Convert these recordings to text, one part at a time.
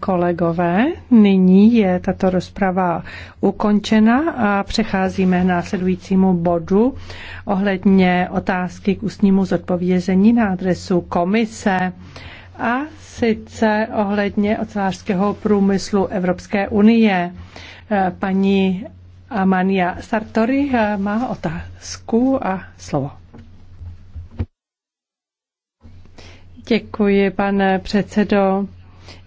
Kolegové, nyní je tato rozprava ukončena a přecházíme k následujícímu bodu ohledně otázky k ústnímu zodpovězení na adresu komise a sice ohledně ocelářského průmyslu Evropské unie. Eh, paní Amania Sartori eh, má otázku a slovo. Děkuji, pane předsedo.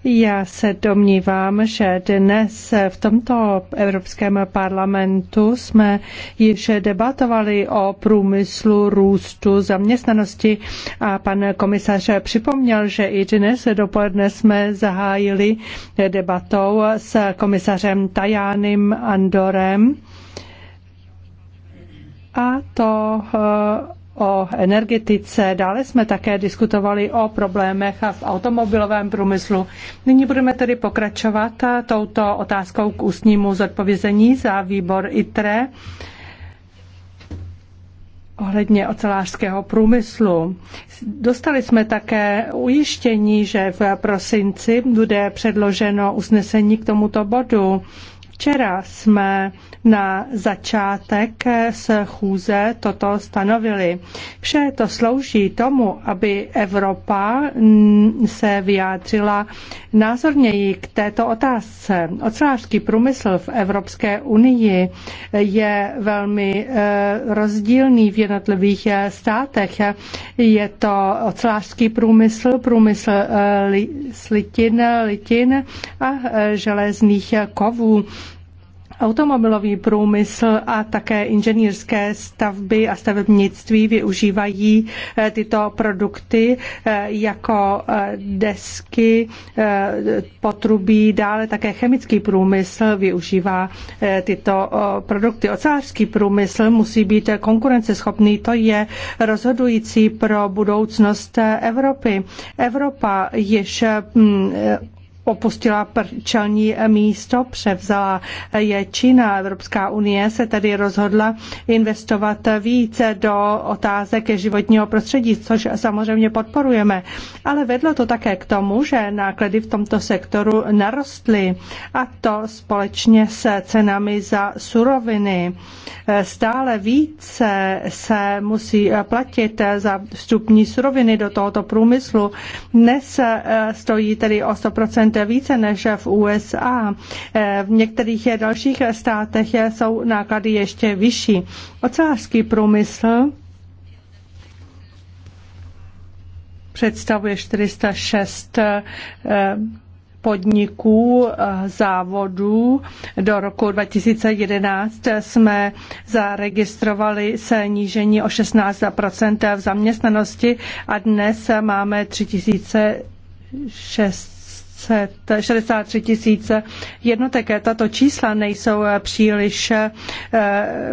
Já se domnívám, že dnes v tomto Evropském parlamentu jsme již debatovali o průmyslu, růstu, zaměstnanosti a pan komisař připomněl, že i dnes dopoledne jsme zahájili debatou s komisařem Tajánem Andorem a to eh, o energetice, dále jsme také diskutovali o problémech v automobilovém průmyslu. Nyní budeme tedy pokračovat touto otázkou k ústnímu zodpovězení za výbor ITRE ohledně ocelářského průmyslu. Dostali jsme také ujištění, že v prosinci bude předloženo usnesení k tomuto bodu. Včera jsme na začátek schůze toto stanovili. Vše to slouží tomu, aby Evropa se vyjádřila názorněji k této otázce. Ocelářský průmysl v Evropské unii je velmi eh, rozdílný v jednotlivých eh, státech. Je to ocelářský průmysl, průmysl eh, slitin, litin a železných kovů. Automobilový průmysl a také inženýrské stavby a stavebnictví využívají eh, tyto produkty eh, jako eh, desky, potrubí, dále také chemický průmysl využívá tyto produkty. Ocelářský průmysl musí být konkurenceschopný, to je rozhodující pro budoucnost Evropy. Evropa již mm, opustila čelní místo, převzala je Čína. Evropská unie se tedy rozhodla investovat více do otázek životního prostředí, což samozřejmě podporujeme. Ale vedlo to také k tomu, že náklady v tomto sektoru narostly a to společně s cenami za suroviny. Stále více se musí platit za vstupní suroviny do tohoto průmyslu. Dnes stojí tedy o 100% jde více než v USA. Eh, v některých dalších státech jsou náklady ještě vyšší. Ocelářský průmysl představuje 406 eh, podniků, eh, závodů. Do roku 2011 jsme zaregistrovali snížení o 16 v zaměstnanosti a dnes máme 3600 63 tisíc jednotek. Tato čísla nejsou příliš eh,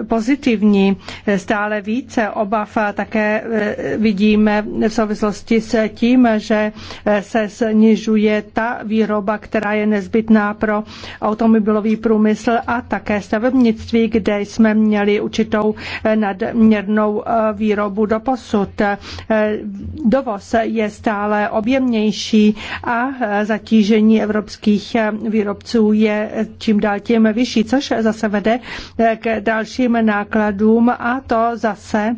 pozitivní. Stále více obav také eh, vidíme v souvislosti s tím, že eh, se snižuje ta výroba, která je nezbytná pro automobilový průmysl a také stavebnictví, kde jsme měli určitou nadměrnou výrobu do posud. Dovoz je stále objemnější a zatím zatížení evropských výrobců je čím dál tím vyšší, což zase vede k dalším nákladům a to zase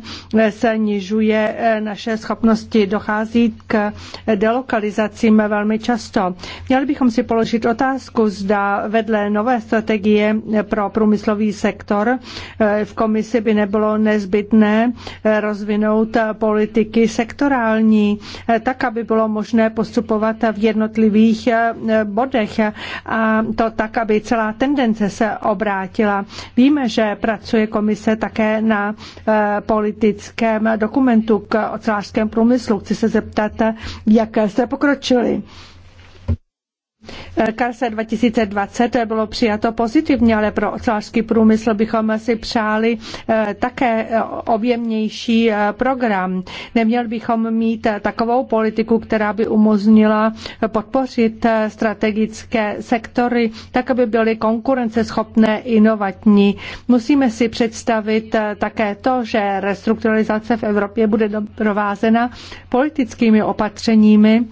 se nižuje naše schopnosti. Dochází k delokalizacím velmi často. Měli bychom si položit otázku, zda vedle nové strategie pro průmyslový sektor v komisi by nebylo nezbytné rozvinout politiky sektorální, tak, aby bylo možné postupovat v jednotlivých Eh, bodech a to tak, aby celá tendence se obrátila. Víme, že pracuje komise také na eh, politickém dokumentu k ocelářském průmyslu. Chci se zeptat, jak jste pokročili. Karse 2020 bylo přijato pozitivně, ale pro ocelářský průmysl bychom si přáli eh, také eh, objemnější eh, program. Neměl bychom mít takovou politiku, která by umožnila podpořit strategické sektory, tak aby byly konkurenceschopné, inovatní. Musíme si představit také to, že restrukturalizace v Evropě bude doprovázena politickými opatřeními,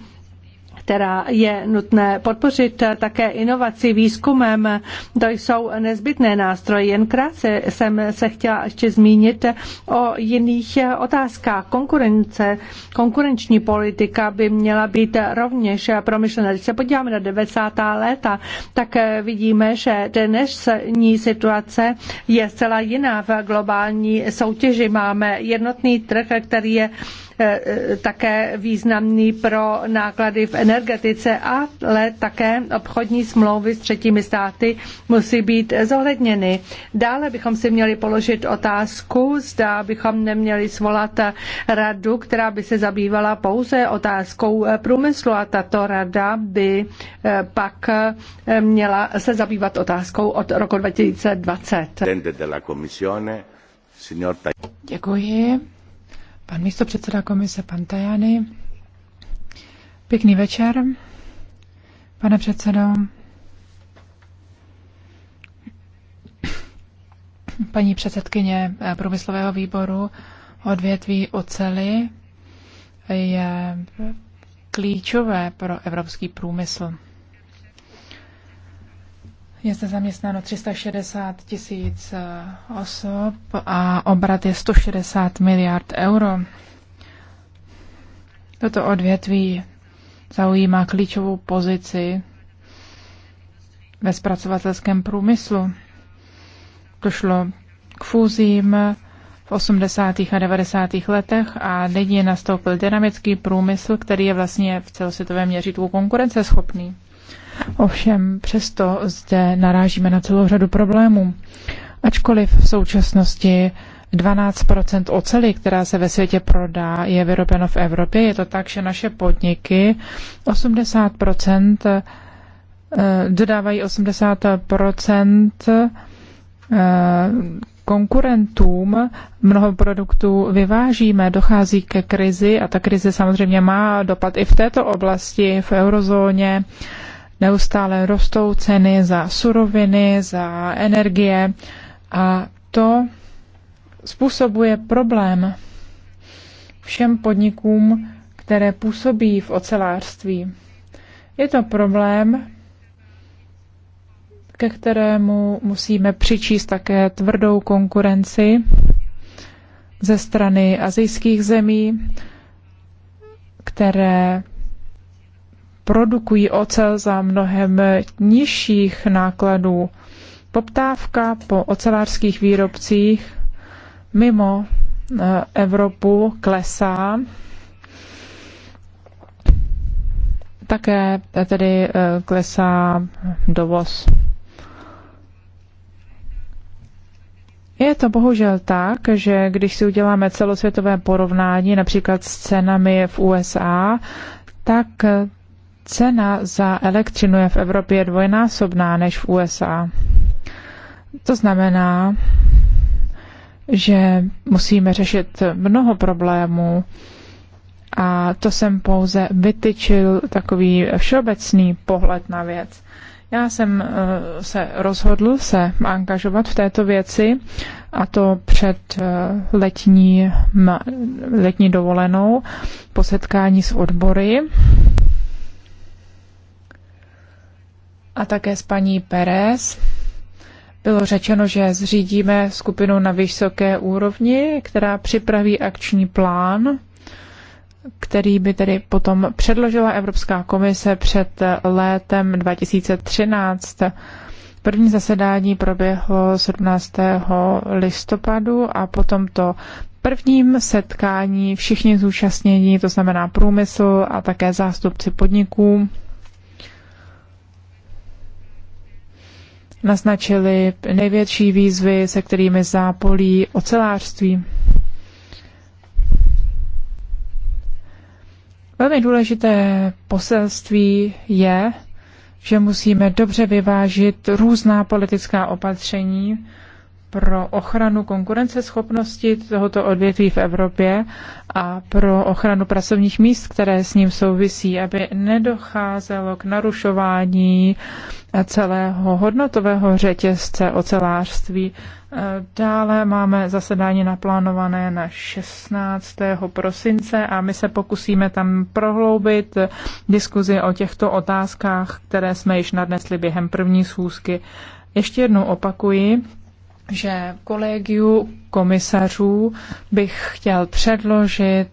která je nutné podpořit také inovací výzkumem. To jsou nezbytné nástroje. Jen krátce jsem se chtěla ještě zmínit o jiných otázkách. Konkurence, konkurenční politika by měla být rovněž promyšlená. Když se podíváme na 90. léta, tak vidíme, že dnešní situace je zcela jiná v globální soutěži. Máme jednotný trh, který je Eh, také významný pro náklady v energetice, ale také obchodní smlouvy s třetími státy musí být zohledněny. Dále bychom si měli položit otázku, zda bychom neměli svolat radu, která by se zabývala pouze otázkou průmyslu a tato rada by eh, pak eh, měla se zabývat otázkou od roku 2020. Děkuji pan místopředseda komise, pan Tajany. Pěkný večer, pane předsedo. Paní předsedkyně eh, průmyslového výboru odvětví ocely je klíčové pro evropský průmysl. Je zde zaměstnáno 360 tisíc eh, osob a obrat je 160 miliard euro. Toto odvětví zaujímá klíčovou pozici ve zpracovatelském průmyslu. Došlo k fúzím v 80. a 90. letech a nyní nastoupil dynamický průmysl, který je vlastně v celosvětovém měřítku konkurenceschopný. Ovšem přesto zde narážíme na celou řadu problémů. Ačkoliv v současnosti 12 oceli, která se ve světě prodá, je vyrobeno v Evropě, je to tak, že naše podniky 80 eh, dodávají 80 eh, konkurentům. Mnoho produktů vyvážíme, dochází ke krizi a ta krize samozřejmě má dopad i v této oblasti, v eurozóně Neustále rostou ceny za suroviny, za energie a to způsobuje problém všem podnikům, které působí v ocelářství. Je to problém, ke kterému musíme přičíst také tvrdou konkurenci ze strany azijských zemí, které produkují ocel za mnohem nižších nákladů. Poptávka po ocelářských výrobcích mimo e, Evropu klesá. Také e, tedy e, klesá dovoz. Je to bohužel tak, že když si uděláme celosvětové porovnání například s cenami v USA, tak Cena za elektřinu je v Evropě dvojnásobná než v USA. To znamená, že musíme řešit mnoho problémů a to jsem pouze vytyčil takový všeobecný pohled na věc. Já jsem eh, se rozhodl se angažovat v této věci a to před eh, letní, letní dovolenou po setkání s odbory a také s paní Pérez. bylo řečeno, že zřídíme skupinu na vysoké úrovni, která připraví akční plán, který by tedy potom předložila Evropská komise před létem 2013. První zasedání proběhlo 17. listopadu a potom to prvním setkání všichni zúčastnění, to znamená průmysl a také zástupci podniků, naznačili největší výzvy, se kterými zápolí ocelářství. Velmi důležité poselství je, že musíme dobře vyvážit různá politická opatření pro ochranu konkurenceschopnosti tohoto odvětví v Evropě a pro ochranu pracovních míst, které s ním souvisí, aby nedocházelo k narušování celého hodnotového řetězce ocelářství. Dále máme zasedání naplánované na 16. prosince a my se pokusíme tam prohloubit diskuzi o těchto otázkách, které jsme již nadnesli během první schůzky. Ještě jednou opakuji, že v kolegiu komisařů bych chtěl předložit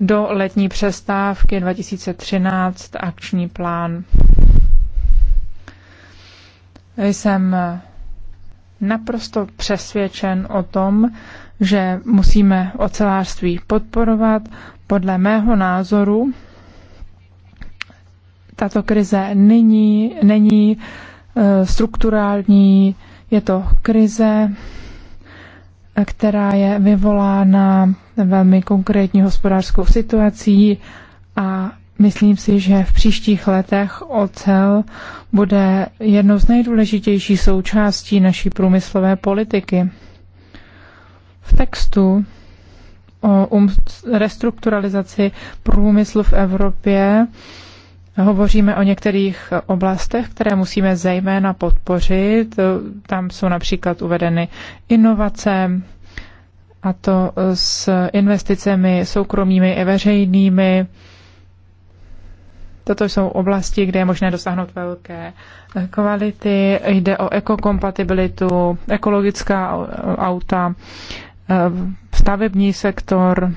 do letní přestávky 2013 akční plán. Jsem naprosto přesvědčen o tom, že musíme ocelářství podporovat. Podle mého názoru tato krize není, není eh, strukturální, je to krize, která je vyvolána velmi konkrétní hospodářskou situací a myslím si, že v příštích letech ocel bude jednou z nejdůležitějších součástí naší průmyslové politiky. V textu o um- restrukturalizaci průmyslu v Evropě Hovoříme o některých oblastech, které musíme zejména podpořit. Tam jsou například uvedeny inovace, a to s investicemi soukromými i veřejnými. Toto jsou oblasti, kde je možné dosáhnout velké kvality. Jde o ekokompatibilitu, ekologická auta, stavební sektor,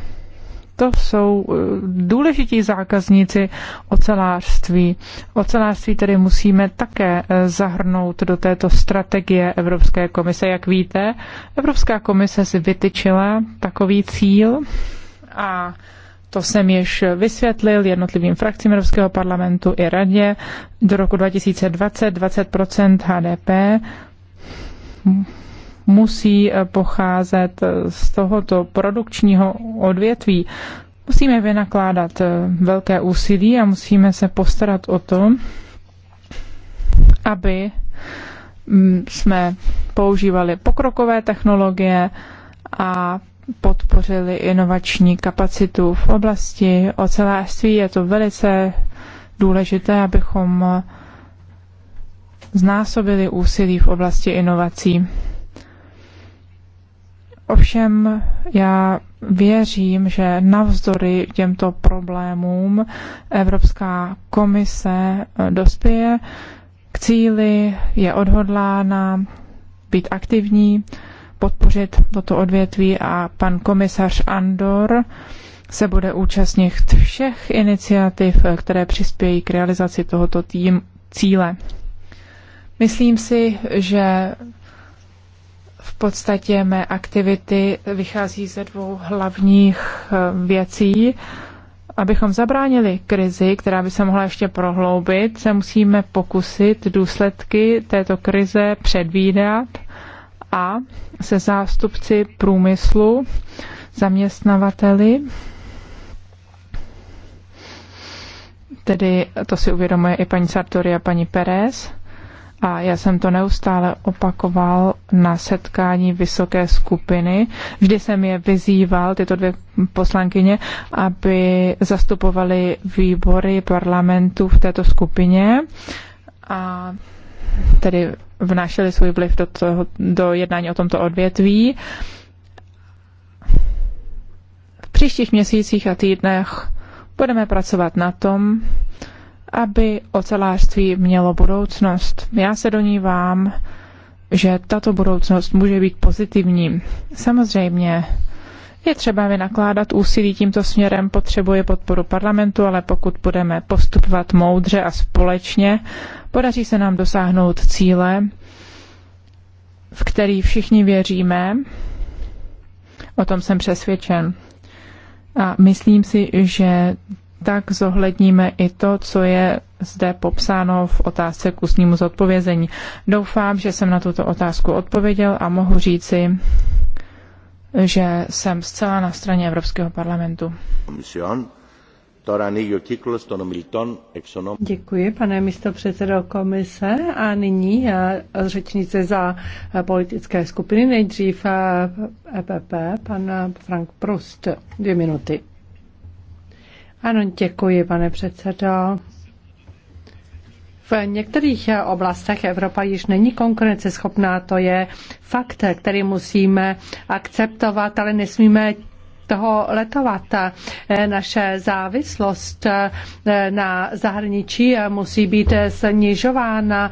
to jsou eh, důležití zákazníci ocelářství. Ocelářství tedy musíme také eh, zahrnout do této strategie Evropské komise. Jak víte, Evropská komise si vytyčila takový cíl a to jsem již vysvětlil jednotlivým frakcím Evropského parlamentu i radě. Do roku 2020 20 HDP musí eh, pocházet eh, z tohoto produkčního odvětví. Musíme vynakládat eh, velké úsilí a musíme se postarat o to, aby mm, jsme používali pokrokové technologie a podpořili inovační kapacitu v oblasti ocelářství. Je to velice důležité, abychom znásobili úsilí v oblasti inovací. Ovšem já věřím, že navzdory těmto problémům Evropská komise eh, dospěje k cíli, je odhodlána být aktivní, podpořit toto odvětví a pan komisař Andor se bude účastnit všech iniciativ, eh, které přispějí k realizaci tohoto tým cíle. Myslím si, že v podstatě mé aktivity vychází ze dvou hlavních eh, věcí. Abychom zabránili krizi, která by se mohla ještě prohloubit, se musíme pokusit důsledky této krize předvídat a se zástupci průmyslu, zaměstnavateli, tedy to si uvědomuje i paní Sartori a paní Pérez, a já jsem to neustále opakoval na setkání vysoké skupiny. Vždy jsem je vyzýval, tyto dvě poslankyně, aby zastupovali výbory parlamentu v této skupině a tedy vnášeli svůj vliv do, toho, do jednání o tomto odvětví. V příštích měsících a týdnech budeme pracovat na tom, aby ocelářství mělo budoucnost. Já se donívám, že tato budoucnost může být pozitivní. Samozřejmě je třeba vynakládat úsilí tímto směrem, potřebuje podporu parlamentu, ale pokud budeme postupovat moudře a společně, podaří se nám dosáhnout cíle, v který všichni věříme. O tom jsem přesvědčen. A myslím si, že tak zohledníme i to, co je zde popsáno v otázce k ústnímu zodpovězení. Doufám, že jsem na tuto otázku odpověděl a mohu říci, že jsem zcela na straně Evropského parlamentu. Děkuji, pane místopředsedo komise. A nyní eh, řečnice za eh, politické skupiny, nejdřív EPP, eh, pan Frank Prost, dvě minuty. Ano, děkuji, pane předsedo. V některých oblastech Evropa již není konkurenceschopná, to je fakt, který musíme akceptovat, ale nesmíme toho letovat. Naše závislost na zahraničí musí být snižována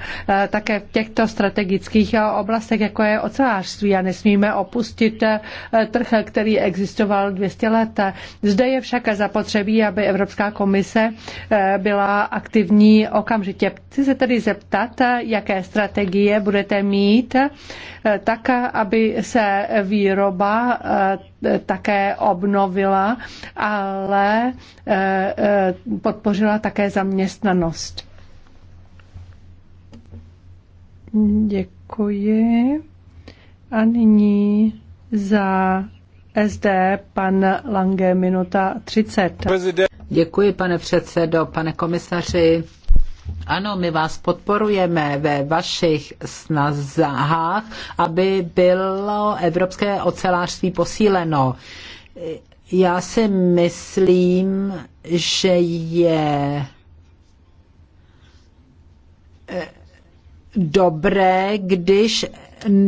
také v těchto strategických oblastech, jako je ocelářství a nesmíme opustit trh, který existoval 200 let. Zde je však zapotřebí, aby Evropská komise byla aktivní okamžitě. Chci se tedy zeptat, jaké strategie budete mít, tak aby se výroba Eh, také obnovila, ale eh, eh, podpořila také zaměstnanost. Děkuji. A nyní za SD pan Lange minuta 30. Děkuji, pane předsedo, pane komisaři. Ano, my vás podporujeme ve vašich snazách, aby bylo evropské ocelářství posíleno. Já si myslím, že je eh, dobré, když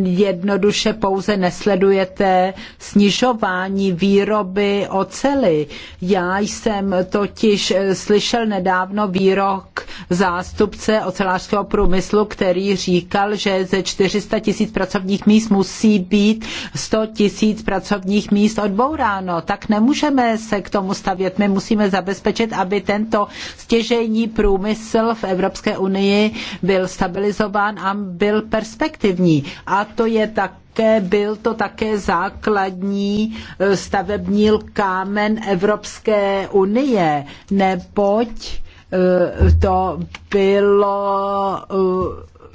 jednoduše pouze nesledujete snižování výroby ocely. Já jsem totiž eh, slyšel nedávno výrok zástupce ocelářského průmyslu, který říkal, že ze 400 tisíc pracovních míst musí být 100 tisíc pracovních míst odbouráno. Tak nemůžeme se k tomu stavět. My musíme zabezpečit, aby tento stěžejní průmysl v Evropské unii byl stabilizován a byl perspektivní a to je tak také byl to také základní e, stavební kámen Evropské unie, neboť e, to bylo e,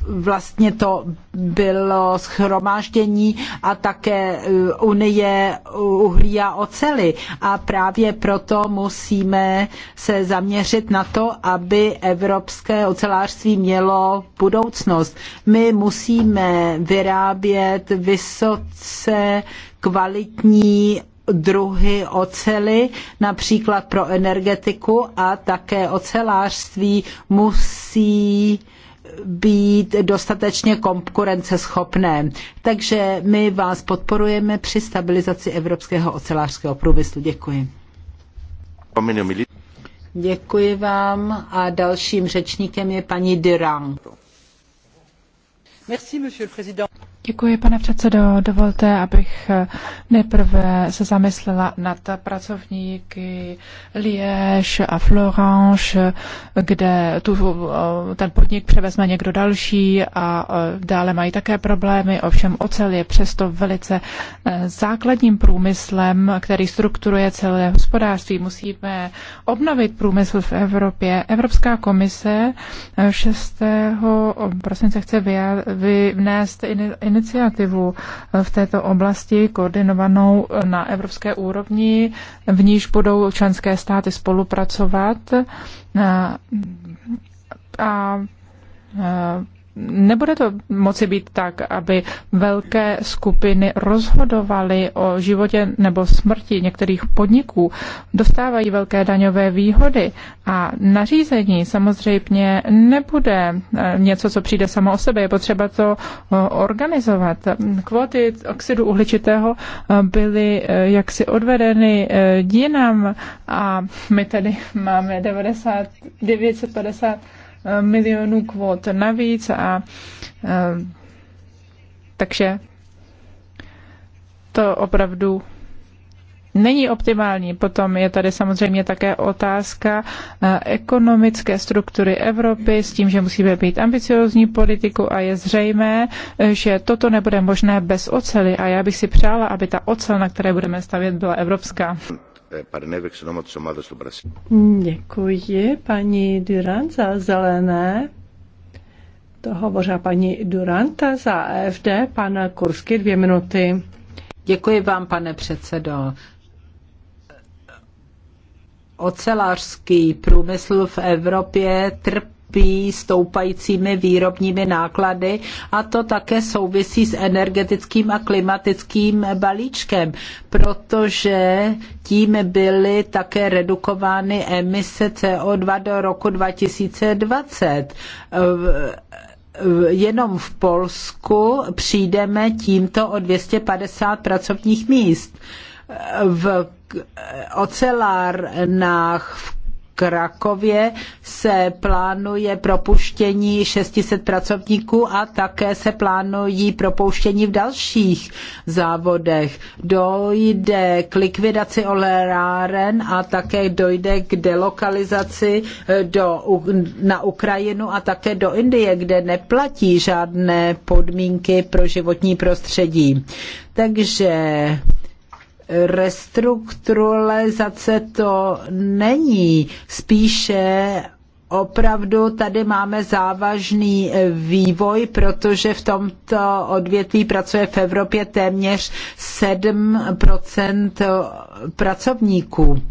vlastně to bylo schromáždění a také uh, unie uh, uhlí a ocely. A právě proto musíme se zaměřit na to, aby evropské ocelářství mělo budoucnost. My musíme vyrábět vysoce kvalitní druhy ocely, například pro energetiku a také ocelářství musí být dostatečně konkurenceschopné. Takže my vás podporujeme při stabilizaci evropského ocelářského průmyslu. Děkuji. Děkuji vám a dalším řečníkem je paní Durand. Děkuji, pane předsedo. Dovolte, abych nejprve se zamyslela nad pracovníky Liège a Florange, kde tu, ten podnik převezme někdo další a dále mají také problémy. Ovšem ocel je přesto velice e, základním průmyslem, který strukturuje celé hospodářství. Musíme obnovit průmysl v Evropě. Evropská komise 6. prosince chce vynést in, in iniciativu eh, v této oblasti koordinovanou na evropské úrovni, v níž budou členské státy spolupracovat eh, a, a eh, nebude to moci být tak, aby velké skupiny rozhodovaly o životě nebo smrti některých podniků, dostávají velké daňové výhody a nařízení samozřejmě nebude eh, něco, co přijde samo o sebe, je potřeba to eh, organizovat. Kvóty oxidu uhličitého eh, byly jaksi odvedeny jinam a my tady máme 9950 Eh, milionů kvot navíc a eh, takže to opravdu není optimální. Potom je tady samozřejmě také otázka eh, ekonomické struktury Evropy s tím, že musíme být ambiciozní politiku a je zřejmé, že toto nebude možné bez ocely a já bych si přála, aby ta ocel, na které budeme stavět, byla evropská. Děkuji paní Durant za zelené. To hovořila paní Duranta za AFD, e pan Kursky dvě minuty. Děkuji vám, pane předsedo. Ocelářský průmysl v Evropě trpí trpí stoupajícími výrobními náklady a to také souvisí s energetickým a klimatickým balíčkem, protože tím byly také redukovány emise CO2 do roku 2020 jenom v Polsku přijdeme tímto o 250 pracovních míst. V ocelárnách v Krakově se plánuje propuštění 600 pracovníků a také se plánují propouštění v dalších závodech. Dojde k likvidaci oleráren a také dojde k delokalizaci eh, do, na Ukrajinu a také do Indie, kde neplatí žádné podmínky pro životní prostředí. Takže restrukturalizace to není, spíše Opravdu tady máme závažný vývoj, protože v tomto odvětví pracuje v Evropě téměř 7 pracovníků.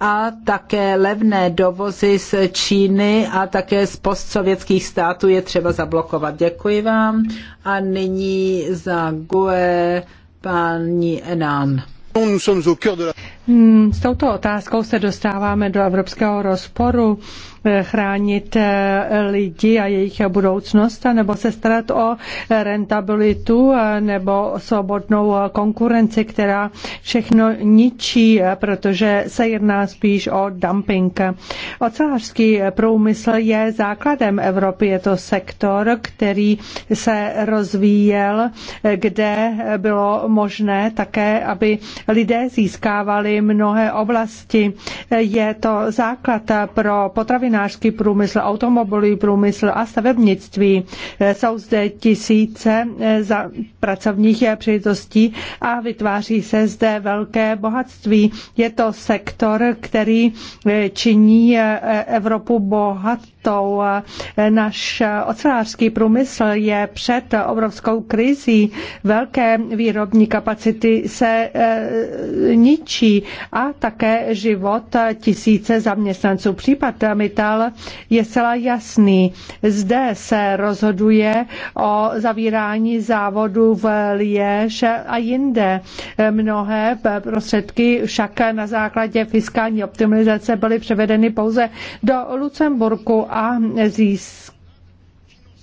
A také levné dovozy z Číny a také z postsovětských států je třeba zablokovat. Děkuji vám. A nyní za GUE paní Enan nous sommes au cœur de la Hmm, s touto otázkou se dostáváme do evropského rozporu eh, chránit eh, lidi a jejich budoucnost, nebo se starat o rentabilitu eh, nebo svobodnou konkurenci, která všechno ničí, protože se jedná spíš o dumping. Ocelářský průmysl je základem Evropy. Je to sektor, který se rozvíjel, kde bylo možné také, aby lidé získávali mnohé oblasti. Je to základ pro potravinářský průmysl, automobilový průmysl a stavebnictví. Jsou zde tisíce eh, za pracovních příležitostí a vytváří se zde velké bohatství. Je to sektor, který eh, činí eh, Evropu bohatou. Náš ocelářský průmysl je před obrovskou krizí. Velké výrobní kapacity se ničí a také život tisíce zaměstnanců. Případ Mital je zcela jasný. Zde se rozhoduje o zavírání závodu v Liež a jinde. Mnohé prostředky však na základě fiskální optimalizace byly převedeny pouze do Lucemburku a získaly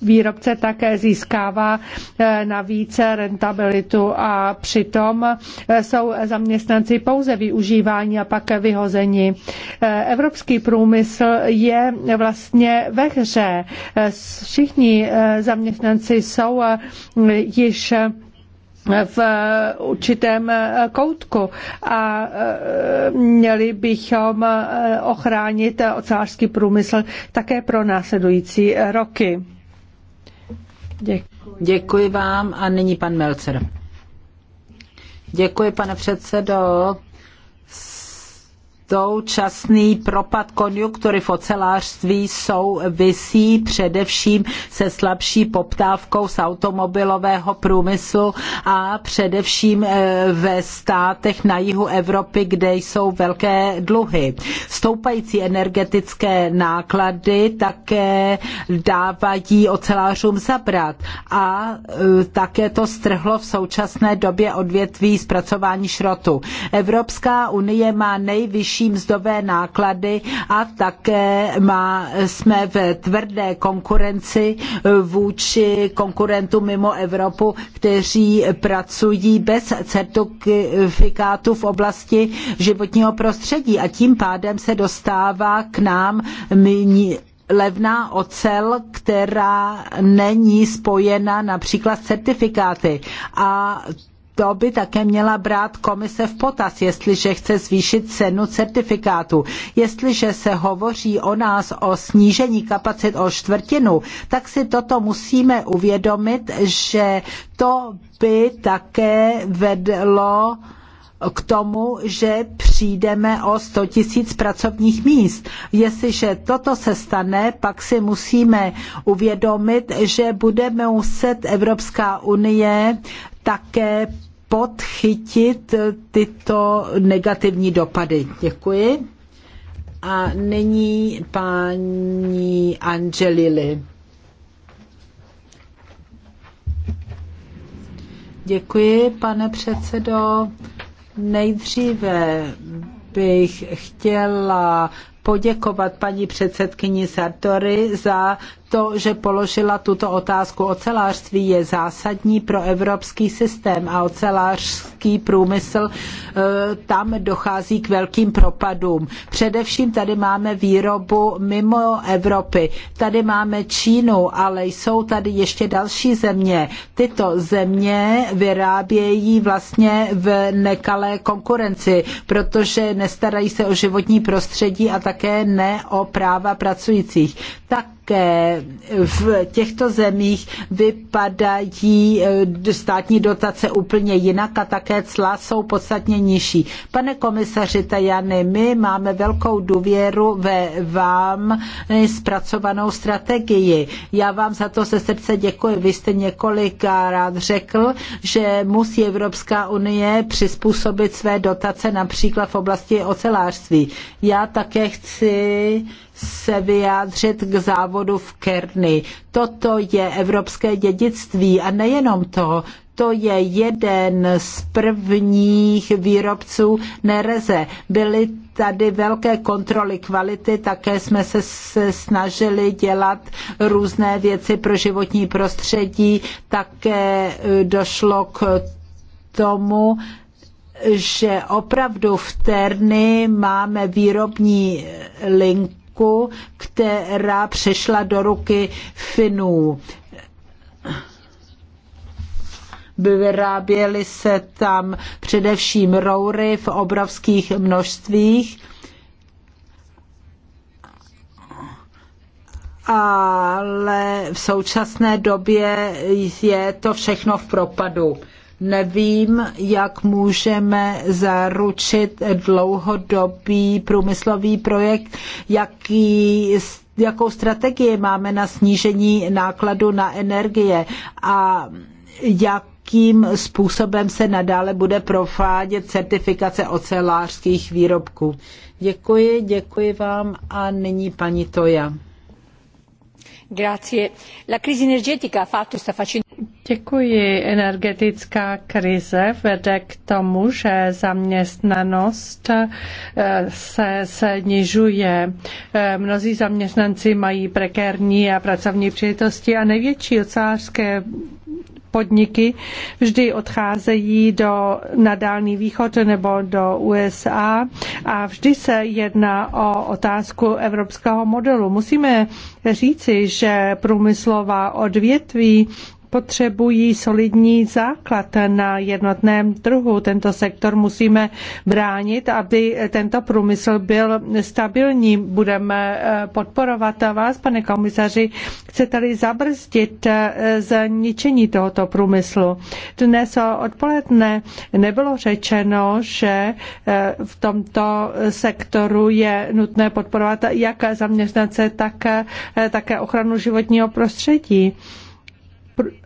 výrobce také získává eh, na více rentabilitu a přitom eh, jsou zaměstnanci pouze využívání a pak vyhozeni. Eh, evropský průmysl je vlastně ve hře. Všichni zaměstnanci jsou již v určitém koutku a měli bychom ochránit ocelářský průmysl také pro následující roky. Děkuji. Děkuji vám a nyní pan Melcer. Děkuji, pane předsedo. Současný propad konjunktury v ocelářství souvisí především se slabší poptávkou z automobilového průmyslu a především eh, ve státech na jihu Evropy, kde jsou velké dluhy. Stoupající energetické náklady také dávají ocelářům zabrat a eh, také to strhlo v současné době odvětví zpracování šrotu. Evropská unie má nejvyšší vyšší mzdové náklady a také má, jsme v tvrdé konkurenci vůči konkurentům mimo Evropu, kteří pracují bez certifikátu v oblasti životního prostředí a tím pádem se dostává k nám levná ocel, která není spojena například s certifikáty. A to by také měla brát komise v potaz, jestliže chce zvýšit cenu certifikátu. Jestliže se hovoří o nás o snížení kapacit o čtvrtinu, tak si toto musíme uvědomit, že to by také vedlo k tomu, že přijdeme o 100 tisíc pracovních míst. Jestliže toto se stane, pak si musíme uvědomit, že budeme muset Evropská unie také podchytit tyto negativní dopady. Děkuji. A nyní paní Angelili. Děkuji, pane předsedo. Nejdříve bych chtěla poděkovat paní předsedkyni Sartori za to, že položila tuto otázku. Ocelářství je zásadní pro evropský systém a ocelářský průmysl eh, tam dochází k velkým propadům. Především tady máme výrobu mimo Evropy. Tady máme Čínu, ale jsou tady ještě další země. Tyto země vyrábějí vlastně v nekalé konkurenci, protože nestarají se o životní prostředí a tak také ne o práva pracujících. Tak také v těchto zemích vypadají eh, státní dotace úplně jinak a také cla jsou podstatně nižší. Pane komisaři Tajany, my máme velkou důvěru ve vám eh, zpracovanou strategii. Já vám za to se srdce děkuji. Vy jste několikrát řekl, že musí Evropská unie přizpůsobit své dotace například v oblasti ocelářství. Já také chci se vyjádřit k závodu v Kerny. Toto je evropské dědictví a nejenom to, to je jeden z prvních výrobců nereze. Byly tady velké kontroly kvality, také jsme se, se snažili dělat různé věci pro životní prostředí, také eh, došlo k tomu, že opravdu v Terny máme výrobní link, majetku, která přešla do ruky Finů. Vyráběly se tam především roury v obrovských množstvích. ale v současné době je to všechno v propadu. Nevím, jak můžeme zaručit dlouhodobý průmyslový projekt, jaký jakou strategii máme na snížení nákladu na energie a jakým způsobem se nadále bude provádět certifikace ocelářských výrobků. Děkuji, děkuji vám a nyní paní Toja. Děkuji. Energetická krize vede k tomu, že zaměstnanost eh, se snižuje. Eh, mnozí zaměstnanci mají prekérní a pracovní příležitosti a největší ocářské podniky vždy odcházejí do, na Dálný východ nebo do USA a vždy se jedná o otázku evropského modelu. Musíme říci, že průmyslová odvětví potřebují solidní základ na jednotném trhu. Tento sektor musíme bránit, aby tento průmysl byl stabilní. Budeme eh, podporovat vás, pane komisaři, chcete-li zabrzdit eh, zničení tohoto průmyslu. Dnes odpoledne nebylo řečeno, že eh, v tomto sektoru je nutné podporovat jak zaměstnance, tak také ochranu životního prostředí.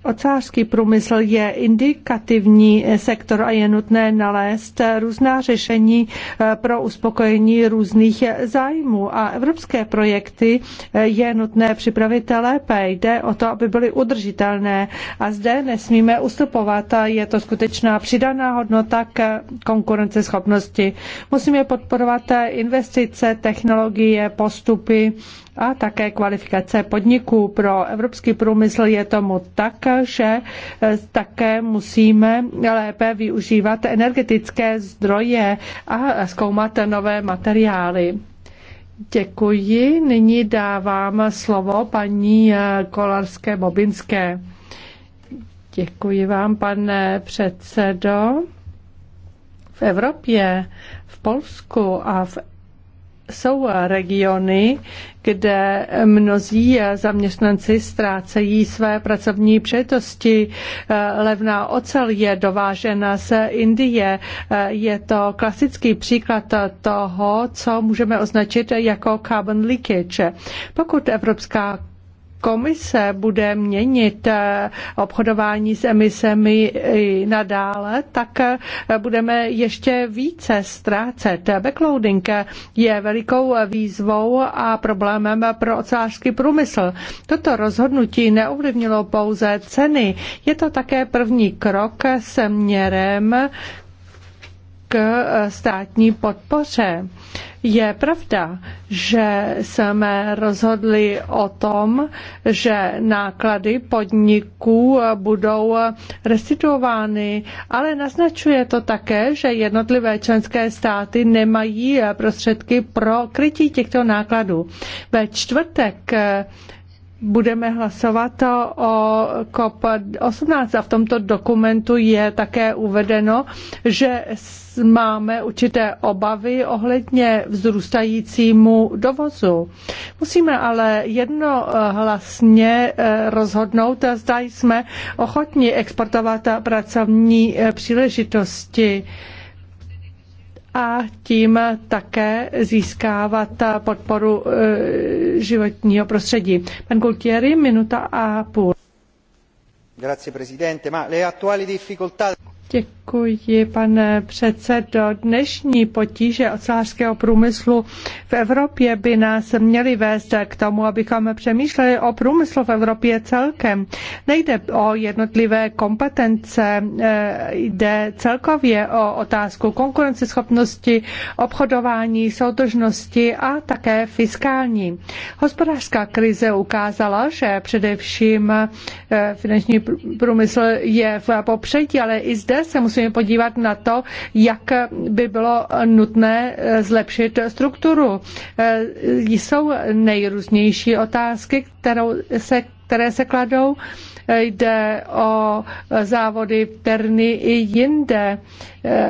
Ocářský průmysl je indikativní sektor a je nutné nalézt různá řešení eh, pro uspokojení různých zájmů. A evropské projekty eh, je nutné připravit lépe. Jde o to, aby byly udržitelné. A zde nesmíme ustupovat. Je to skutečná přidaná hodnota k konkurenceschopnosti. Musíme podporovat eh, investice, technologie, postupy, a také kvalifikace podniků. Pro evropský průmysl je tomu tak, že eh, také musíme lépe využívat energetické zdroje a zkoumat nové materiály. Děkuji. Nyní dávám slovo paní eh, Kolarské Bobinské. Děkuji vám, pane předsedo. V Evropě, v Polsku a v jsou regiony, kde mnozí zaměstnanci ztrácejí své pracovní přijetosti. Levná ocel je dovážena z Indie. Je to klasický příklad toho, co můžeme označit jako carbon leakage. Pokud Evropská komise bude měnit eh, obchodování s emisemi i nadále, tak eh, budeme ještě více ztrácet. Backloading je velikou výzvou a problémem pro ocelářský průmysl. Toto rozhodnutí neovlivnilo pouze ceny. Je to také první krok směrem k eh, státní podpoře. Je pravda, že jsme rozhodli o tom, že náklady podniků eh, budou eh, restituovány, ale naznačuje to také, že jednotlivé členské státy nemají prostředky pro krytí těchto nákladů. Ve čtvrtek budeme hlasovat o COP18 a v tomto dokumentu je také uvedeno, že máme určité obavy ohledně vzrůstajícímu dovozu. Musíme ale jednohlasně eh, rozhodnout, zda jsme ochotni exportovat pracovní eh, příležitosti a tím také získávat podporu e, životního prostředí. Pan Gultieri, minuta a půl. Grazie, presidente. Ma le attuali difficoltà... Děkuji, pane předsedo. Dnešní potíže ocelářského průmyslu v Evropě by nás měly vést k tomu, abychom přemýšleli o průmyslu v Evropě celkem. Nejde o jednotlivé kompetence, eh, jde celkově o otázku konkurenceschopnosti, obchodování, soudržnosti a také fiskální. Hospodářská krize ukázala, že především eh, finanční průmysl je v popředí, ale i zde dobře se musíme podívat na to, jak by bylo nutné eh, zlepšit strukturu. Eh, jsou nejrůznější otázky, kterou se, které se kladou eh, jde o závody v Terny i jinde.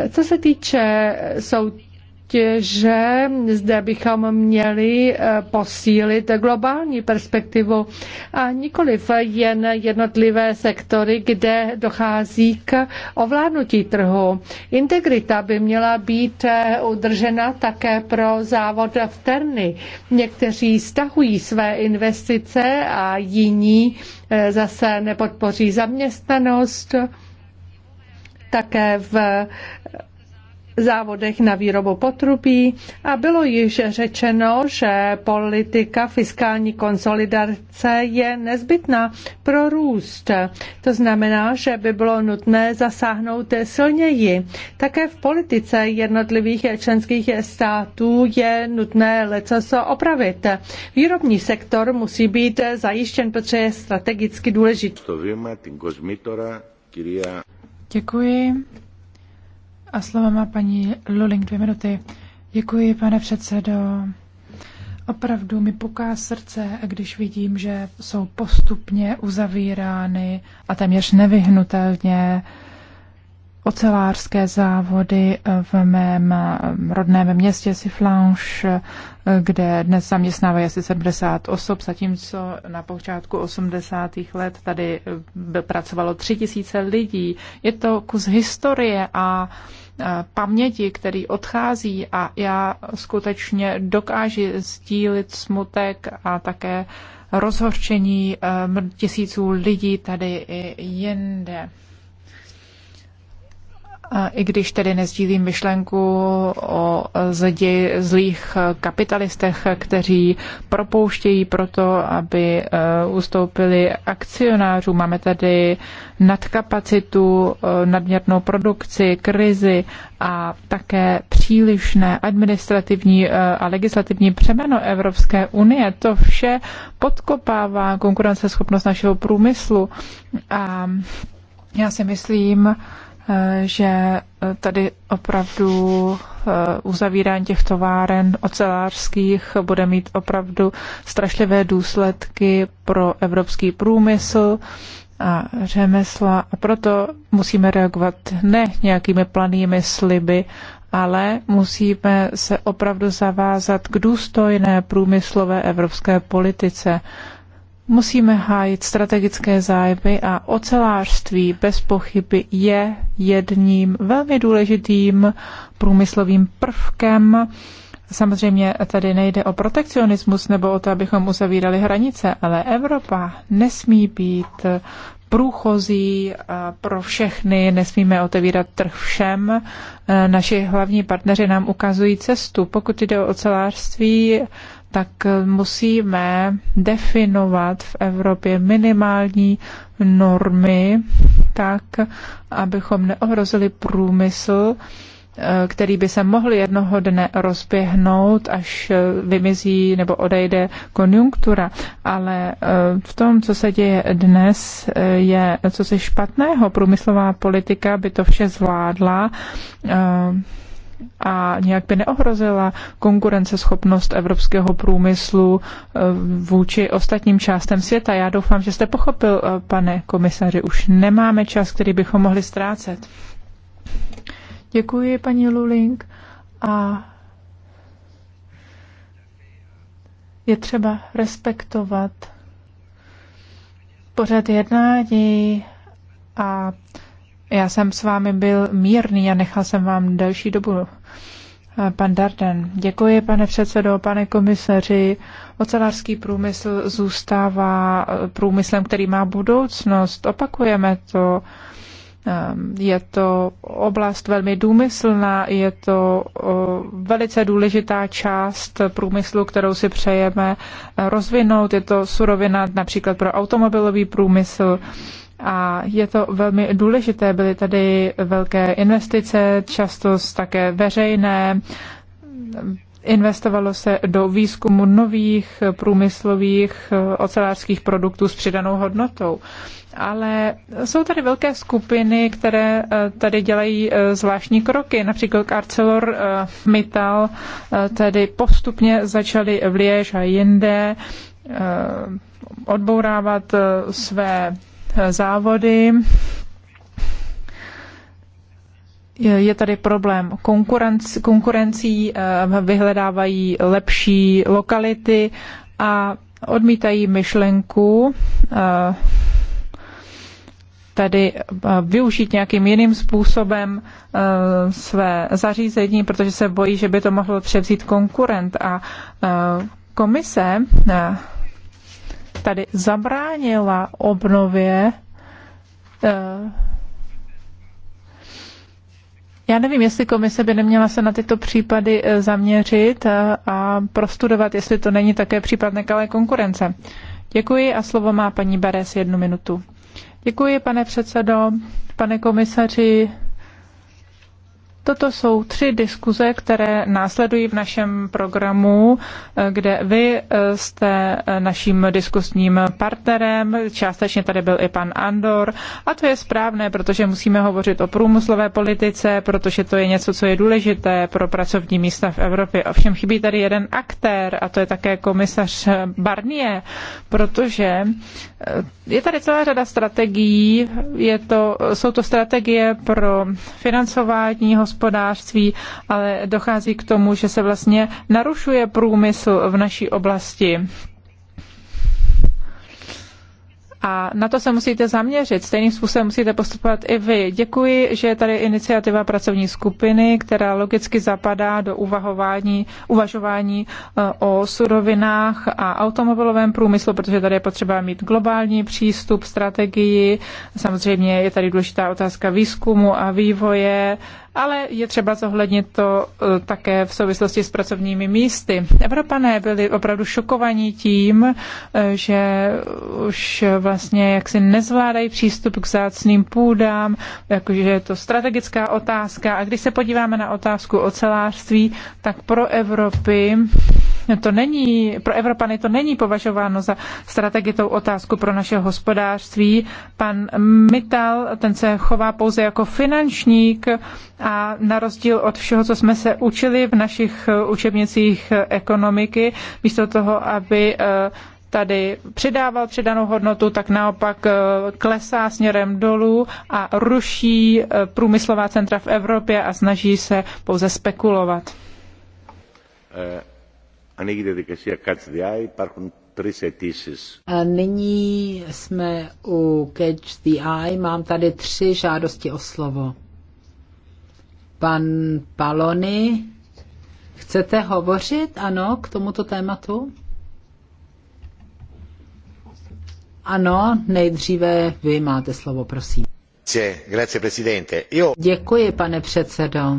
Co se týče soud že zde bychom měli eh, posílit globální perspektivu a nikoliv jen jednotlivé sektory, kde dochází k ovládnutí trhu. Integrita by měla být eh, udržena také pro závod v Terny. Někteří stahují své investice a jiní eh, zase nepodpoří zaměstnanost. Také v závodech na výrobu potrubí a bylo již řečeno, že politika fiskální konsolidace je nezbytná pro růst. To znamená, že by bylo nutné zasáhnout silněji. Také v politice jednotlivých členských států je nutné leco opravit. Výrobní sektor musí být zajištěn, protože je strategicky důležitý. Děkuji. A slovo má paní Luling, dvě minuty. Děkuji, pane předsedo. Opravdu mi puká srdce, když vidím, že jsou postupně uzavírány a téměř nevyhnutelně ocelářské závody v mém rodném městě Siflange, kde dnes zaměstnávají asi 70 osob, zatímco na počátku 80. let tady pracovalo 3000 lidí. Je to kus historie a Eh, paměti, který odchází a já skutečně dokážu sdílit smutek a také rozhorčení eh, tisíců lidí tady i jinde i když tedy nezdílím myšlenku o zdi zlých kapitalistech, kteří propouštějí proto, aby eh, ustoupili akcionářům. Máme tady nadkapacitu, eh, nadměrnou produkci, krizi a také přílišné administrativní eh, a legislativní přemeno Evropské unie. To vše podkopává konkurenceschopnost našeho průmyslu a já si myslím, Eh, že eh, tady opravdu eh, uzavírání těch továren ocelářských bude mít opravdu strašlivé důsledky pro evropský průmysl a řemesla a proto musíme reagovat ne nějakými planými sliby, ale musíme se opravdu zavázat k důstojné průmyslové evropské politice. Musíme hájit strategické zájmy a ocelářství bez pochyby je jedním velmi důležitým průmyslovým prvkem. Samozřejmě tady nejde o protekcionismus nebo o to, abychom uzavírali hranice, ale Evropa nesmí být průchozí pro všechny, nesmíme otevírat trh všem. Naši hlavní partneři nám ukazují cestu. Pokud jde o ocelářství, tak eh, musíme definovat v Evropě minimální normy tak, abychom neohrozili průmysl, eh, který by se mohl jednoho dne rozběhnout, až eh, vymizí nebo odejde konjunktura. Ale v tom, co se děje dnes, je co se špatného. Průmyslová politika by to vše zvládla a nějak by neohrozila konkurenceschopnost evropského průmyslu eh, vůči ostatním částem světa. Já doufám, že jste pochopil, eh, pane komisaři, už nemáme čas, který bychom mohli ztrácet. Děkuji, paní Luling. A je třeba respektovat pořad jednání a já jsem s vámi byl mírný a nechal jsem vám další dobu. Eh, pan Darden, děkuji, pane předsedo, pane komisaři. Ocelářský průmysl zůstává eh, průmyslem, který má budoucnost. Opakujeme to. Ehm, je to oblast velmi důmyslná, je to velice důležitá část průmyslu, kterou si přejeme eh, rozvinout. Je to surovina například pro automobilový průmysl a je to velmi důležité. Byly tady velké investice, často také veřejné. Investovalo se do výzkumu nových průmyslových eh, ocelářských produktů s přidanou hodnotou. Ale jsou tady velké skupiny, které eh, tady dělají eh, zvláštní kroky. Například Arcelor Mittal tady postupně začaly v Liež a jinde odbourávat své závody. Je tady problém konkurenc, konkurencí, eh, vyhledávají lepší lokality a odmítají myšlenku eh, tedy eh, využít nějakým jiným způsobem své zařízení, protože se bojí, že by to mohl převzít konkurent. A komise tady zabránila obnově. Eh, já nevím, jestli komise by neměla se na tyto případy eh, zaměřit eh, a prostudovat, jestli to není také případ nekalé konkurence. Děkuji a slovo má paní Beres jednu minutu. Děkuji, pane předsedo, pane komisaři, Toto jsou tři diskuze, které následují v našem programu, eh, kde vy eh, jste eh, naším diskusním partnerem, částečně tady byl i pan Andor a to je správné, protože musíme hovořit o průmyslové politice, protože to je něco, co je důležité pro pracovní místa v Evropě. Ovšem chybí tady jeden aktér a to je také komisař Barnier, protože je tady celá řada strategií, je to, jsou to strategie pro financování hospodářství, hospodářství, ale dochází k tomu, že se vlastně narušuje průmysl v naší oblasti. A na to se musíte zaměřit. Stejným způsobem musíte postupovat i vy. Děkuji, že je tady iniciativa pracovní skupiny, která logicky zapadá do uvahování, uvažování eh, o surovinách a automobilovém průmyslu, protože tady je potřeba mít globální přístup, strategii. Samozřejmě je tady důležitá otázka výzkumu a vývoje ale je třeba zohlednit to e, také v souvislosti s pracovními místy. Evropané byli opravdu šokovaní tím, e, že už vlastně jaksi nezvládají přístup k zácným půdám, jakože je to strategická otázka. A když se podíváme na otázku ocelářství, tak pro Evropy to není, pro Evropany to není považováno za strategickou otázku pro naše hospodářství. Pan Mittal, ten se chová pouze jako finančník a na rozdíl od všeho, co jsme se učili v našich eh, učebnicích eh, ekonomiky, místo toho, aby eh, tady přidával přidanou hodnotu, tak naopak klesá směrem dolů a ruší průmyslová centra v Evropě a snaží se pouze spekulovat. A nyní jsme u Catch the Eye. Mám tady tři žádosti o slovo. Pan Palony, chcete hovořit, ano, k tomuto tématu? Ano, nejdříve vy máte slovo, prosím. Děkuji, pane předsedo.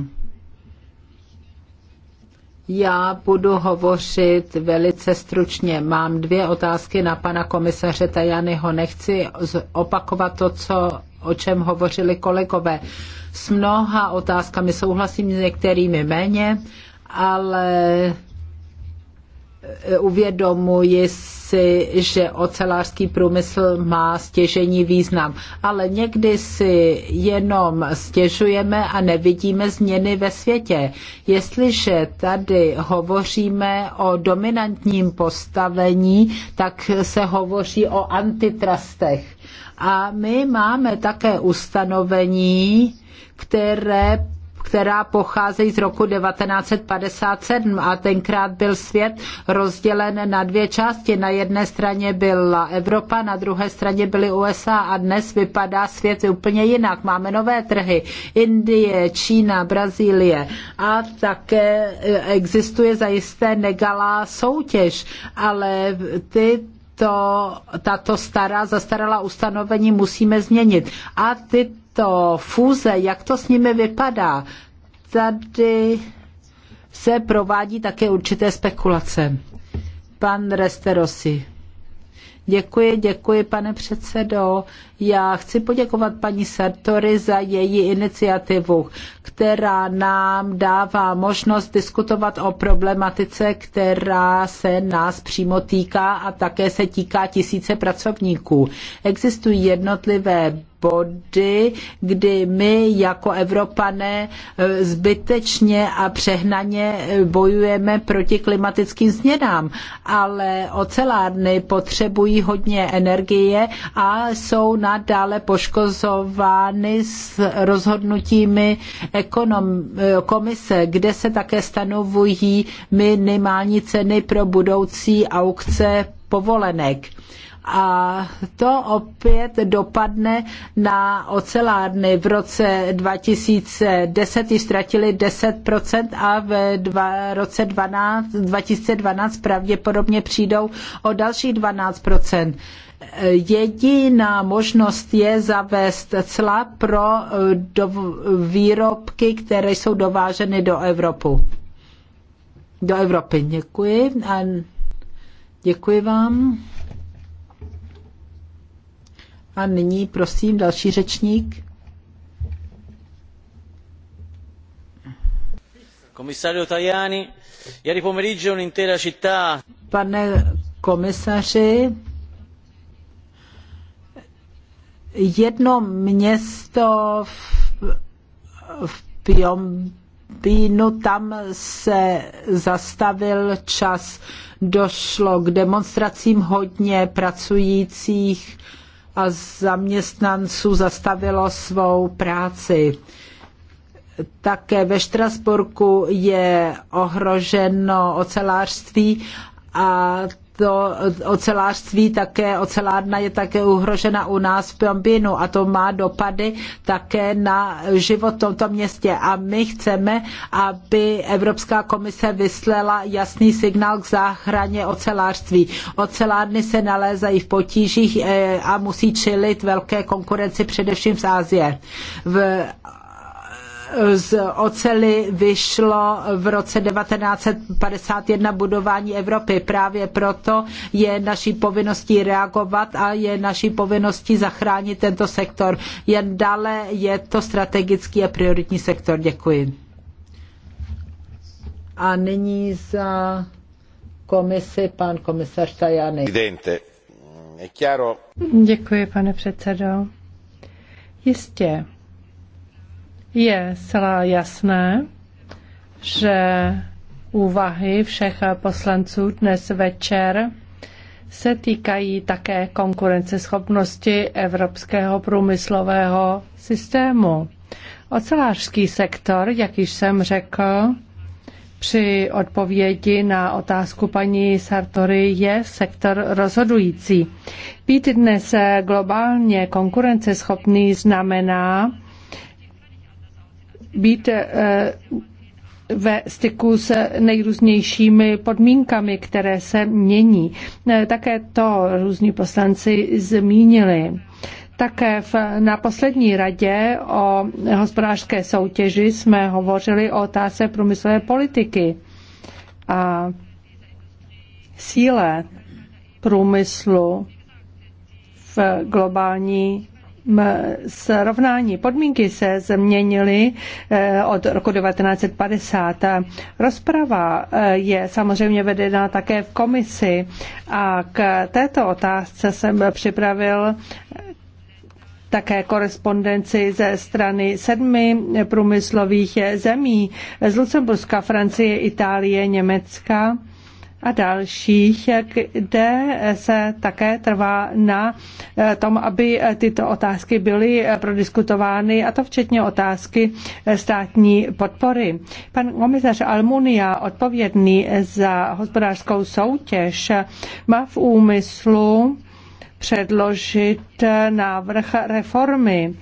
Já budu hovořit velice stručně. Mám dvě otázky na pana komisaře Tajanyho. Nechci opakovat to, co, o čem hovořili kolegové. S mnoha otázkami souhlasím, s některými méně, ale e, uvědomuji si, že ocelářský průmysl má stěžení význam, ale někdy si jenom stěžujeme a nevidíme změny ve světě. Jestliže tady hovoříme o dominantním postavení, tak se hovoří o antitrastech. A my máme také ustanovení, které která pocházejí z roku 1957 a tenkrát byl svět rozdělen na dvě části. Na jedné straně byla Evropa, na druhé straně byly USA a dnes vypadá svět úplně jinak. Máme nové trhy. Indie, Čína, Brazílie a také eh, existuje zajisté negalá soutěž, ale ty to, tato stará, zastaralá ustanovení musíme změnit. A ty to fúze, jak to s nimi vypadá? Tady se provádí také určité spekulace. Pan Resterosi. Děkuji, děkuji, pane předsedo. Já chci poděkovat paní Sartori za její iniciativu, která nám dává možnost diskutovat o problematice, která se nás přímo týká a také se týká tisíce pracovníků. Existují jednotlivé body, kdy my jako Evropané e, zbytečně a přehnaně e, bojujeme proti klimatickým změnám, ale ocelárny potřebují hodně energie a jsou nadále poškozovány s rozhodnutími ekonom, e, komise, kde se také stanovují minimální ceny pro budoucí aukce povolenek a to opět dopadne na ocelárny. V roce 2010 ji ztratili 10% a v dva, roce 12, 2012 pravděpodobně přijdou o další 12%. Jediná možnost je zavést cla pro do, výrobky, které jsou dováženy do Evropy. Do Evropy. Děkuji. A děkuji vám. A nyní prosím další řečník. Komisario Tajani, ieri pomeriggio un'intera città. Pane komisaři, jedno město v, v tam se zastavil čas, došlo k demonstracím hodně pracujících a zaměstnanců zastavilo svou práci. Také ve Štrasburku je ohroženo ocelářství a to ocelářství také, ocelárna je také uhrožena u nás v Pjombinu a to má dopady také na život v tomto městě. A my chceme, aby Evropská komise vyslela jasný signál k záchraně ocelářství. Ocelárny se nalézají v potížích eh, a musí čelit velké konkurenci především z Ázie. V z oceli vyšlo v roce 1951 budování Evropy. Právě proto je naší povinností reagovat a je naší povinností zachránit tento sektor. Jen dále je to strategický a prioritní sektor. Děkuji. A nyní za komisi pan komisař Tajany. Děkuji, pane předsedo. Jistě, je zcela jasné, že úvahy všech poslanců dnes večer se týkají také konkurenceschopnosti evropského průmyslového systému. Ocelářský sektor, jak již jsem řekl, při odpovědi na otázku paní Sartory je sektor rozhodující. Být dnes globálně konkurenceschopný znamená být eh, ve styku s nejrůznějšími podmínkami, které se mění. Eh, také to různí poslanci zmínili. Také v, na poslední radě o hospodářské soutěži jsme hovořili o otázce průmyslové politiky a síle průmyslu v globální srovnání. Podmínky se změnily eh, od roku 1950. Rozprava eh, je samozřejmě vedena také v komisi a k této otázce jsem připravil také korespondenci ze strany sedmi průmyslových zemí z Lucemburska, Francie, Itálie, Německa a dalších, kde se také trvá na eh, tom, aby tyto otázky byly eh, prodiskutovány, a to včetně otázky eh, státní podpory. Pan komisař Almunia, odpovědný za hospodářskou soutěž, má v úmyslu předložit návrh reformy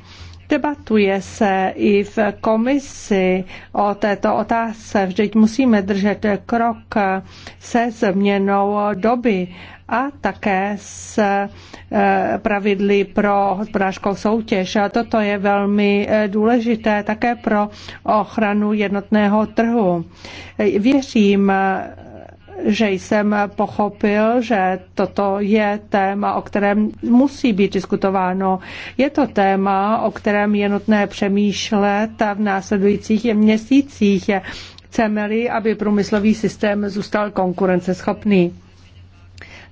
Debatuje se i v komisi o této otázce. Vždyť musíme držet krok se změnou doby a také s e, pravidly pro hospodářskou soutěž. A toto je velmi e, důležité také pro ochranu jednotného trhu. Věřím že jsem pochopil, že toto je téma, o kterém musí být diskutováno. Je to téma, o kterém je nutné přemýšlet v následujících měsících. Chceme-li, aby průmyslový systém zůstal konkurenceschopný.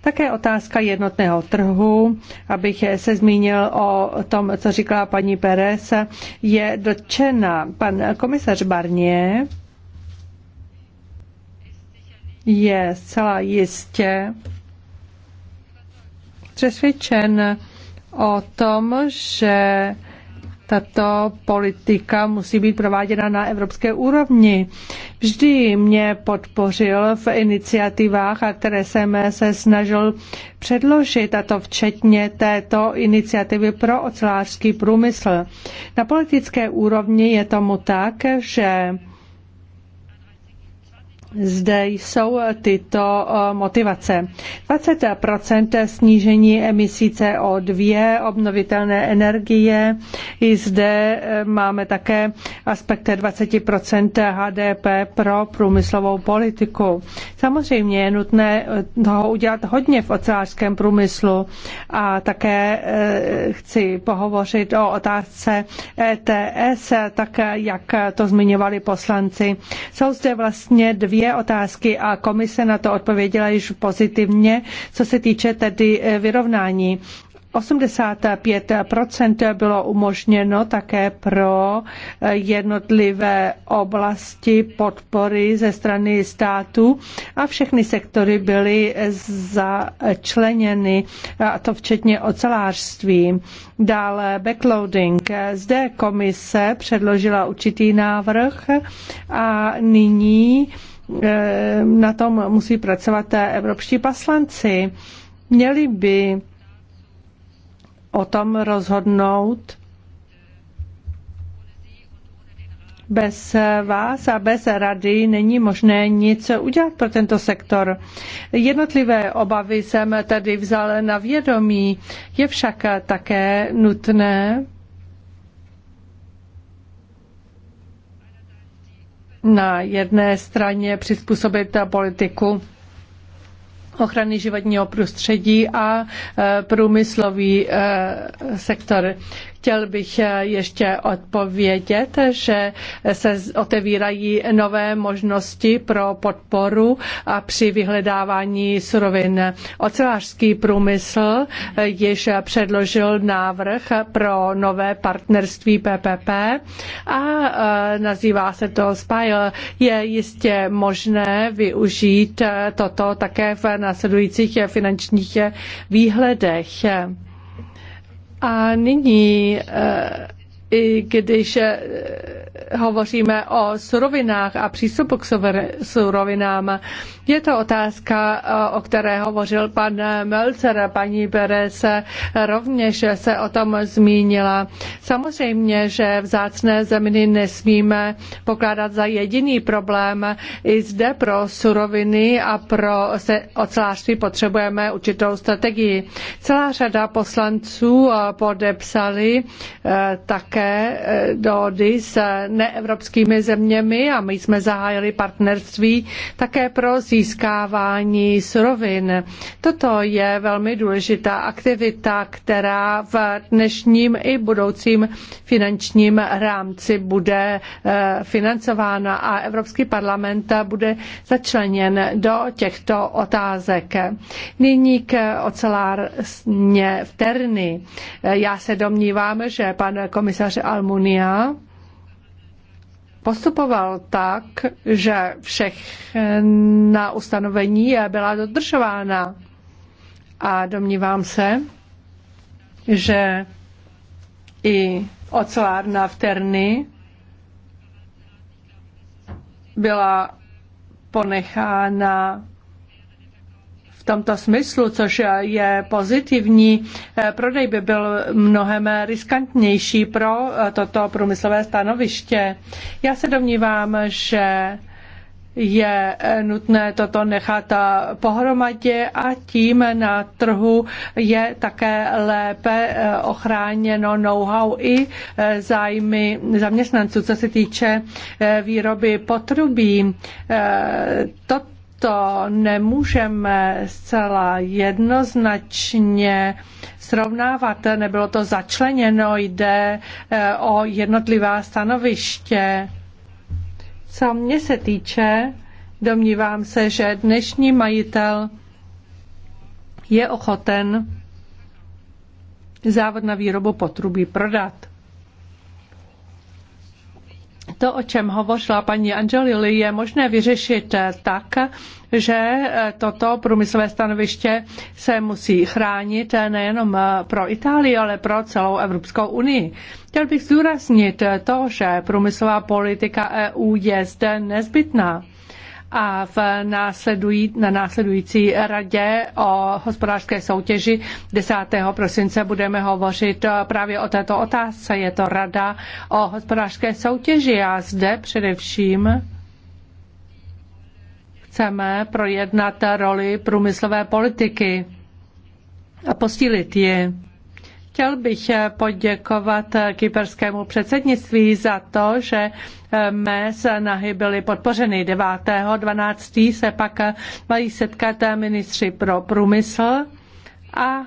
Také otázka jednotného trhu, abych se zmínil o tom, co říkala paní Pérez, je dotčena pan komisař Barnier je zcela jistě přesvědčen o tom, že tato politika musí být prováděna na evropské úrovni. Vždy mě podpořil v iniciativách, a které jsem se snažil předložit, a to včetně této iniciativy pro ocelářský průmysl. Na politické úrovni je tomu tak, že zde jsou eh, tyto eh, motivace. 20 snížení emisí CO2, obnovitelné energie. I zde eh, máme také aspekt 20 HDP pro průmyslovou politiku. Samozřejmě je nutné toho udělat hodně v ocelářském průmyslu a také chci pohovořit o otázce ETS, tak jak to zmiňovali poslanci. Jsou zde vlastně dvě dvě otázky a komise na to odpověděla již pozitivně, co se týče tedy eh, vyrovnání. 85 bylo umožněno také pro eh, jednotlivé oblasti podpory ze strany státu a všechny sektory byly eh, začleněny, a to včetně ocelářství. Dále backloading. Zde komise předložila určitý návrh a nyní Eh, na tom musí pracovat evropští poslanci. Měli by o tom rozhodnout bez vás a bez rady není možné nic udělat pro tento sektor. Jednotlivé obavy jsem tady vzal na vědomí. Je však také nutné, na jedné straně přizpůsobit politiku ochrany životního prostředí a e, průmyslový e, sektor. Chtěl bych eh, ještě odpovědět, že se otevírají nové možnosti pro podporu a při vyhledávání surovin. Ocelářský průmysl eh, již předložil návrh pro nové partnerství PPP a eh, nazývá se to SPILE. Je jistě možné využít toto také v následujících finančních výhledech. A nyní eh, i když eh, hovoříme o surovinách a přístupu k surovinám. Je to otázka, eh, o které hovořil pan Melcer, paní Beres eh, rovněž se o tom zmínila. Samozřejmě, že vzácné zeminy nesmíme pokládat za jediný problém. I zde pro suroviny a pro ocelářství potřebujeme určitou strategii. Celá řada poslanců podepsali také také eh, dohody s neevropskými zeměmi a my jsme zahájili partnerství také pro získávání surovin. Toto je velmi důležitá aktivita, která v dnešním i budoucím finančním rámci bude eh, financována a Evropský parlament bude začleněn do těchto otázek. Nyní k ocelárně v Terny. Já se domnívám, že pan komisař komisař Almunia postupoval tak, že všechna ustanovení byla dodržována. A domnívám se, že i ocelárna v Terny byla ponechána tomto smyslu, což je pozitivní. Eh, prodej by byl mnohem riskantnější pro eh, toto průmyslové stanoviště. Já se domnívám, že je eh, nutné toto nechat pohromadě a tím na trhu je také lépe ochráněno know-how i zájmy zaměstnanců, co se týče výroby potrubí. Toto to nemůžeme zcela jednoznačně srovnávat. Nebylo to začleněno, jde eh, o jednotlivá stanoviště. Co mě se týče, domnívám se, že dnešní majitel je ochoten závod na výrobu potrubí prodat. To, o čem hovořila paní Angelili, je možné vyřešit eh, tak, že eh, toto průmyslové stanoviště se musí chránit eh, nejenom pro Itálii, ale pro celou Evropskou unii. Chtěl bych zdůraznit to, že průmyslová politika EU je zde nezbytná a v následují, na následující radě o hospodářské soutěži 10. prosince budeme hovořit právě o této otázce. Je to rada o hospodářské soutěži a zde především chceme projednat roli průmyslové politiky a posílit ji Chtěl bych poděkovat kyperskému předsednictví za to, že mé snahy byly podpořeny. 9.12. se pak mají setkat ministři pro průmysl a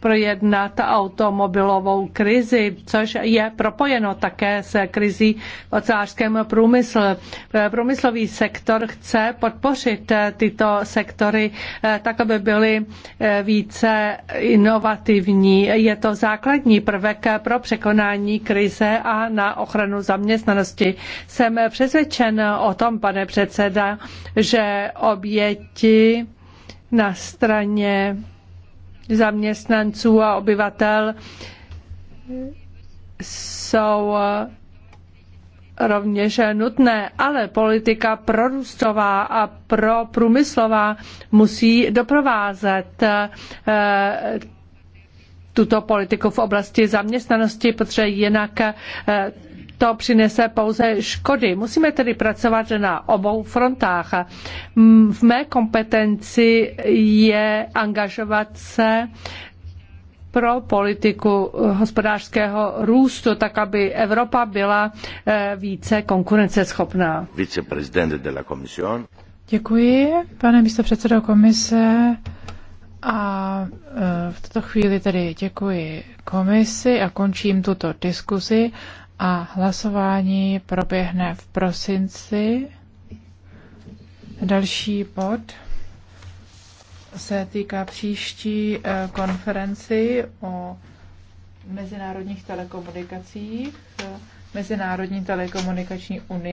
projednat automobilovou krizi, což je propojeno také s krizí v ocelářském průmyslu. Průmyslový sektor chce podpořit tyto sektory eh, tak, aby byly eh, více inovativní. Je to základní prvek pro překonání krize a na ochranu zaměstnanosti. Jsem přesvědčen o tom, pane předseda, že oběti na straně zaměstnanců a obyvatel jsou rovněž nutné, ale politika prorůstová a pro průmyslová musí doprovázet eh, tuto politiku v oblasti zaměstnanosti, protože jinak eh, to přinese pouze škody. Musíme tedy pracovat na obou frontách. V mé kompetenci je angažovat se pro politiku hospodářského růstu, tak aby Evropa byla eh, více konkurenceschopná. Děkuji, pane místopředsedo komise. A eh, v tuto chvíli tedy děkuji komisi a končím tuto diskusi a hlasování proběhne v prosinci. Další bod se týká příští eh, konferenci o mezinárodních telekomunikacích, eh, Mezinárodní telekomunikační unie.